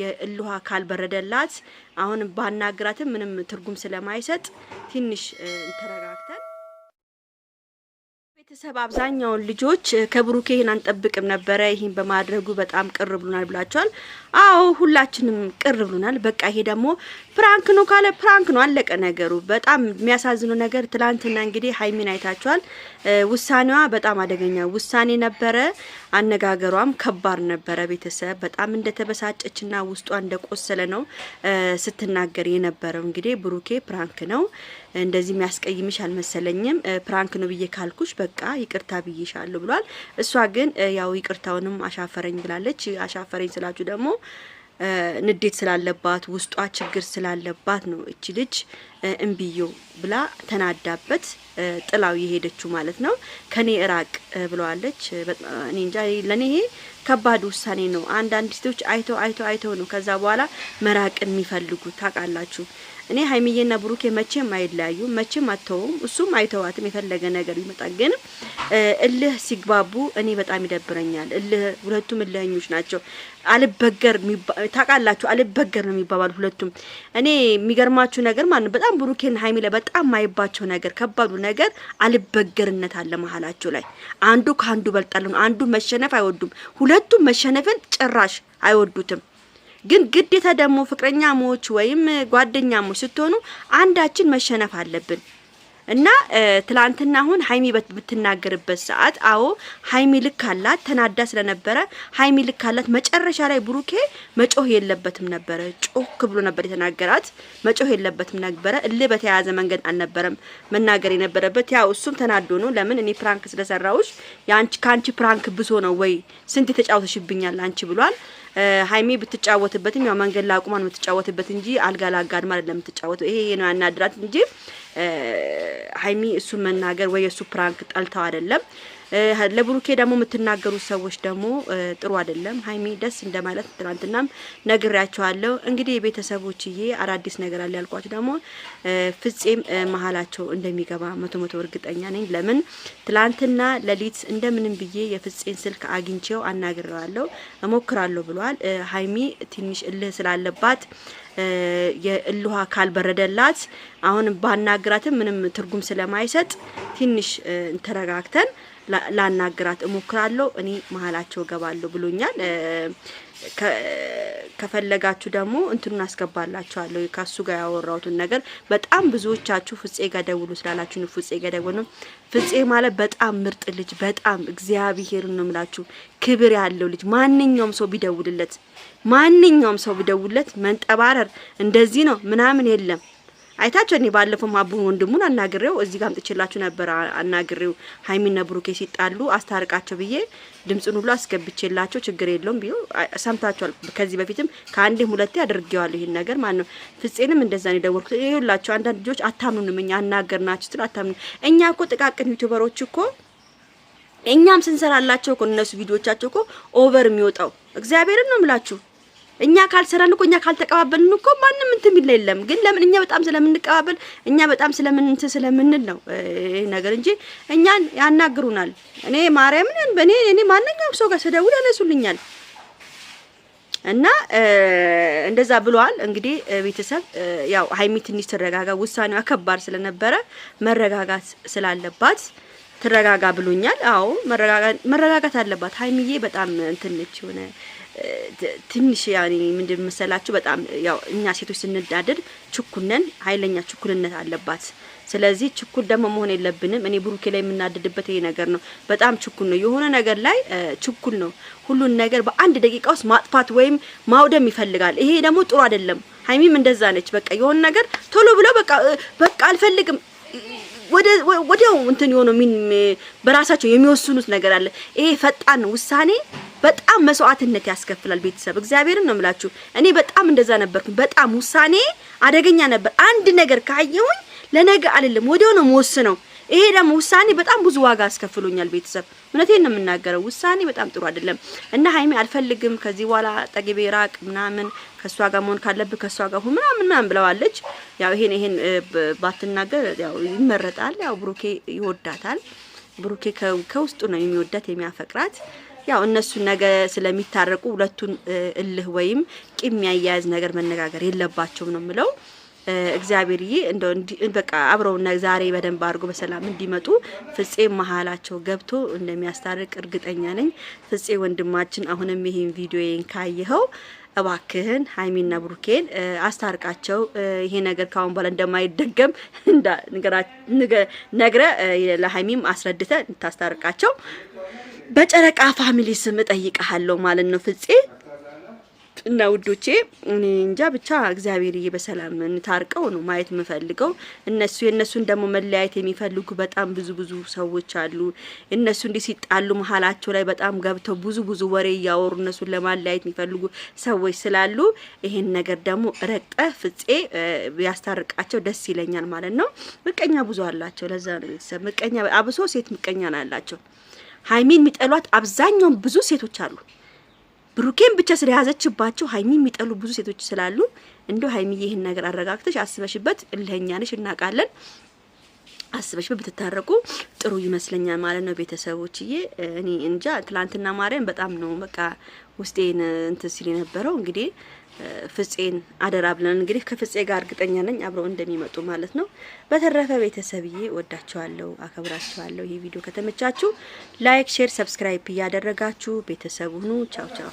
የእልህ ካልበረደላት አሁን ባናግራትም ምንም ትርጉም ስለማይሰጥ ትንሽ ተረጋ ቤተሰብ አብዛኛውን ልጆች ከብሩኬ ይህን አንጠብቅም ነበረ፣ ይህን በማድረጉ በጣም ቅር ብሉናል ብላቸዋል። አዎ ሁላችንም ቅር ብሉናል። በቃ ይሄ ደግሞ ፕራንክ ነው ካለ ፕራንክ ነው፣ አለቀ ነገሩ። በጣም የሚያሳዝነው ነገር ትላንትና እንግዲህ ሀይሚን አይታችኋል። ውሳኔዋ በጣም አደገኛ ውሳኔ ነበረ። አነጋገሯም ከባድ ነበረ። ቤተሰብ በጣም እንደተበሳጨችና ውስጧ እንደቆሰለ ነው ስትናገር የነበረው። እንግዲህ ብሩኬ ፕራንክ ነው እንደዚህ የሚያስቀይምሽ አልመሰለኝም። ፕራንክ ነው ብዬ ካልኩሽ በቃ ይቅርታ ብይሻለሁ ብሏል። እሷ ግን ያው ይቅርታውንም አሻፈረኝ ብላለች። አሻፈረኝ ስላችሁ ደግሞ ንዴት ስላለባት ውስጧ ችግር ስላለባት ነው እቺ ልጅ እምቢዮ ብላ ተናዳበት ጥላው የሄደችው ማለት ነው። ከኔ እራቅ ብለዋለች። እኔ እንጃ ለኔ ይሄ ከባድ ውሳኔ ነው። አንዳንድ ሴቶች አይተው አይተው አይተው ነው ከዛ በኋላ መራቅ የሚፈልጉ ታውቃላችሁ። እኔ ሀይሚዬና ብሩኬ መቼም አይለያዩ፣ መቼም አተውም፣ እሱም አይተዋትም። የፈለገ ነገር ይመጣ ግን እልህ ሲግባቡ እኔ በጣም ይደብረኛል። እልህ ሁለቱም እልህኞች ናቸው። አልበገር ታውቃላችሁ፣ አልበገር ነው የሚባባሉ ሁለቱም። እኔ የሚገርማችሁ ነገር ማን በጣም ብሩኬን ሀይሚ ላይ በጣም ማይባቸው ነገር ከባዱ ነገር አልበገርነት አለ መሀላቸው ላይ አንዱ ከአንዱ በልጣለሁ። አንዱ መሸነፍ አይወዱም፣ ሁለቱም መሸነፍን ጭራሽ አይወዱትም። ግን ግዴታ ደግሞ ሞች ወይም ጓደኛ ሞች ስትሆኑ አንዳችን መሸነፍ አለብን። እና ትላንትና አሁን ሀይሚ በምትናገርበት ሰዓት አዎ ሀይሚ ልክ አላት፣ ተናዳ ስለነበረ ሀይሚ ልክ አላት። መጨረሻ ላይ ብሩኬ መጮህ የለበትም ነበረ። ጮክ ብሎ ነበር የተናገራት። መጮህ የለበትም ነበረ። እልህ በተያያዘ መንገድ አልነበረም መናገር የነበረበት። ያው እሱም ተናዶ ነው። ለምን እኔ ፕራንክ ስለሰራውሽ ከአንቺ ፕራንክ ብሶ ነው ወይ ስንት ተጫውተሽብኛል አንቺ ብሏል። ሀይሚ ብትጫወትበትም ያው መንገድ ላይ አቁማ ነው የምትጫወትበት እንጂ አልጋ ላጋድማ አይደለም የምትጫወተው። ይሄ ነው ያናድራት እንጂ ሀይሚ እሱን መናገር ወይ እሱ ፕራንክ ጠልተው አይደለም። ለብሩኬ ደግሞ የምትናገሩት ሰዎች ደግሞ ጥሩ አይደለም። ሀይሚ ደስ እንደማለት ትናንትናም ነግሬያቸዋለሁ። እንግዲህ የቤተሰቦችዬ አዳዲስ ነገር አለ ያልኳቸው ደግሞ ፍፄም መሀላቸው እንደሚገባ መቶ መቶ እርግጠኛ ነኝ። ለምን ትላንትና ለሊት እንደምንም ብዬ የፍጼን ስልክ አግኝቼው አናግሬዋለሁ። እሞክራለሁ ብሏል። ሀይሚ ትንሽ እልህ ስላለባት አካል በረደላት አሁን ባናግራትም ምንም ትርጉም ስለማይሰጥ ትንሽ ተረጋግተን ላናግራት እሞክራለሁ። እኔ መሀላቸው እገባለሁ ብሎኛል። ከፈለጋችሁ ደግሞ እንትኑን አስገባላችኋለሁ ከሱ ጋር ያወራሁትን ነገር። በጣም ብዙዎቻችሁ ፍጼ ጋር ደውሉ ስላላችሁ ፍጼ ጋር ደውሉ። ፍጼ ማለት በጣም ምርጥ ልጅ፣ በጣም እግዚአብሔር ነው የምላችሁ ክብር ያለው ልጅ። ማንኛውም ሰው ቢደውልለት፣ ማንኛውም ሰው ቢደውልለት መንጠባረር እንደዚህ ነው ምናምን የለም። አይታቸው እኔ ባለፈው አቡን ወንድሙን አናግሬው እዚህ ጋር አምጥቼላችሁ ነበር። አናግሬው ሀይሚና ብሩኬ ሲጣሉ አስታርቃቸው ብዬ ድምጹን ሁሉ አስገብቼላቸው ችግር የለውም ቢዩ ሰምታችኋል። ከዚህ በፊትም ከአንዴም ሁለቴ አድርጌዋለሁ ይሄን ነገር ማለት ነው። ፍፄንም እንደዛ ነው የደወልኩት። ይኸውላችሁ አንዳንድ ልጆች አታምኑንም፣ እኛ አናገርናችሁ ስለ አታምኑ። እኛ እኮ ጥቃቅን ዩቲዩበሮች እኮ እኛም ስንሰራላቸው እኮ እነሱ ቪዲዮቻቸው እኮ ኦቨር የሚወጣው እግዚአብሔርን ነው ምላችሁ እኛ ካልሰራን እኮ እኛ ካልተቀባበልን እኮ ማንም እንትን የሚል የለም። ግን ለምን እኛ በጣም ስለምንቀባበል እኛ በጣም ስለምን እንትን ስለምንል ነው ይሄ ነገር እንጂ እኛን ያናግሩናል። እኔ ማርያምን በእኔ እኔ ማንኛውም ሰው ጋር ስደውል ያነሱልኛል። እና እንደዛ ብለዋል። እንግዲህ ቤተሰብ ያው ሀይሚ ትንሽ ትረጋጋ፣ ውሳኔዋ ከባድ ስለነበረ መረጋጋት ስላለባት ትረጋጋ ብሎኛል። አዎ መረጋጋት አለባት ሀይሚዬ። በጣም እንትን ነች ሆነ ትንሽ ያኔ ምንድን መሰላችሁ በጣም ያው እኛ ሴቶች ስንዳደድ ችኩነን ኃይለኛ ችኩልነት አለባት። ስለዚህ ችኩል ደግሞ መሆን የለብንም። እኔ ብሩኬ ላይ የምናደድበት ይሄ ነገር ነው። በጣም ችኩል ነው፣ የሆነ ነገር ላይ ችኩል ነው። ሁሉን ነገር በአንድ ደቂቃ ውስጥ ማጥፋት ወይም ማውደም ይፈልጋል። ይሄ ደግሞ ጥሩ አይደለም። ሀይሚም እንደዛ ነች። በቃ የሆነ ነገር ቶሎ ብሎ በቃ በቃ አልፈልግም ወዲያው እንትን የሆነው በራሳቸው የሚወስኑት ነገር አለ። ይሄ ፈጣን ውሳኔ በጣም መስዋዕትነት ያስከፍላል። ቤተሰብ እግዚአብሔርን ነው የምላችሁ። እኔ በጣም እንደዛ ነበርኩ። በጣም ውሳኔ አደገኛ ነበር። አንድ ነገር ካየሁኝ ለነገ አይደለም ወዲያው ነው የምወስነው። ይሄ ደግሞ ውሳኔ በጣም ብዙ ዋጋ አስከፍሎኛል። ቤተሰብ እውነቴን ነው የምናገረው። ውሳኔ በጣም ጥሩ አይደለም እና ሀይሚ አልፈልግም፣ ከዚህ በኋላ ጠግቤ ራቅ ምናምን፣ ከእሷ ጋር መሆን ካለብህ ከእሷ ጋር ሁን ምናምን ምናምን ብለዋለች። ያው ይሄን ይሄን ባትናገር ያው ይመረጣል። ያው ብሩኬ ይወዳታል። ብሩኬ ከውስጡ ነው የሚወዳት የሚያፈቅራት ያው እነሱን ነገ ስለሚታረቁ ሁለቱን እልህ ወይም ቂም የሚያያዝ ነገር መነጋገር የለባቸውም ነው የምለው። እግዚአብሔርዬ እንደው በቃ አብረውና ዛሬ በደንብ አድርጎ በሰላም እንዲመጡ ፍፄ መሀላቸው ገብቶ እንደሚያስታርቅ እርግጠኛ ነኝ። ፍፄ ወንድማችን አሁንም ይሄን ቪዲዮዬን ካየኸው እባክህን ሀይሚና ብሩኬን አስታርቃቸው። ይሄ ነገር ካሁን በኋላ እንደማይደገም ነግረ ለሀይሚም አስረድተ እንታስታርቃቸው። በጨረቃ ፋሚሊ ስም እጠይቀሃለሁ ማለት ነው ፍፄ እና ውዶቼ እኔ እንጃ ብቻ እግዚአብሔርዬ በሰላም እንታርቀው ነው ማየት የምፈልገው። እነሱ የእነሱን ደግሞ መለያየት የሚፈልጉ በጣም ብዙ ብዙ ሰዎች አሉ። እነሱ እንዲህ ሲጣሉ መሀላቸው ላይ በጣም ገብተው ብዙ ብዙ ወሬ እያወሩ እነሱን ለማለያየት የሚፈልጉ ሰዎች ስላሉ ይሄን ነገር ደግሞ ረግጠ ፍፄ ያስታርቃቸው ደስ ይለኛል ማለት ነው። ምቀኛ ብዙ አላቸው። ለዛ ነው ቤተሰብ ምቀኛ፣ አብሶ ሴት ምቀኛ ናላቸው። ሀይሚን የሚጠሏት አብዛኛውን ብዙ ሴቶች አሉ። ብሩኬን ብቻ ስለያዘችባቸው ሀይሚን የሚጠሉ ብዙ ሴቶች ስላሉ እንደው ሀይሚ ይህን ነገር አረጋግተሽ አስበሽበት፣ እልህኛ ነሽ እናውቃለን። አስበሽበት ብትታረቁ ጥሩ ይመስለኛል ማለት ነው። ቤተሰቦችዬ እኔ እንጃ ትላንትና ማርያም በጣም ነው በቃ ውስጤን እንትን ሲል የነበረው እንግዲህ ፍፄን አደራ ብለን እንግዲህ ከፍፄ ጋር እርግጠኛ ነኝ አብረው እንደሚመጡ ማለት ነው። በተረፈ ቤተሰብዬ ወዳችኋለሁ፣ አከብራችኋለሁ። ይህ ቪዲዮ ከተመቻችሁ ላይክ፣ ሼር፣ ሰብስክራይብ እያደረጋችሁ ቤተሰብ ሁኑ። ቻው ቻው።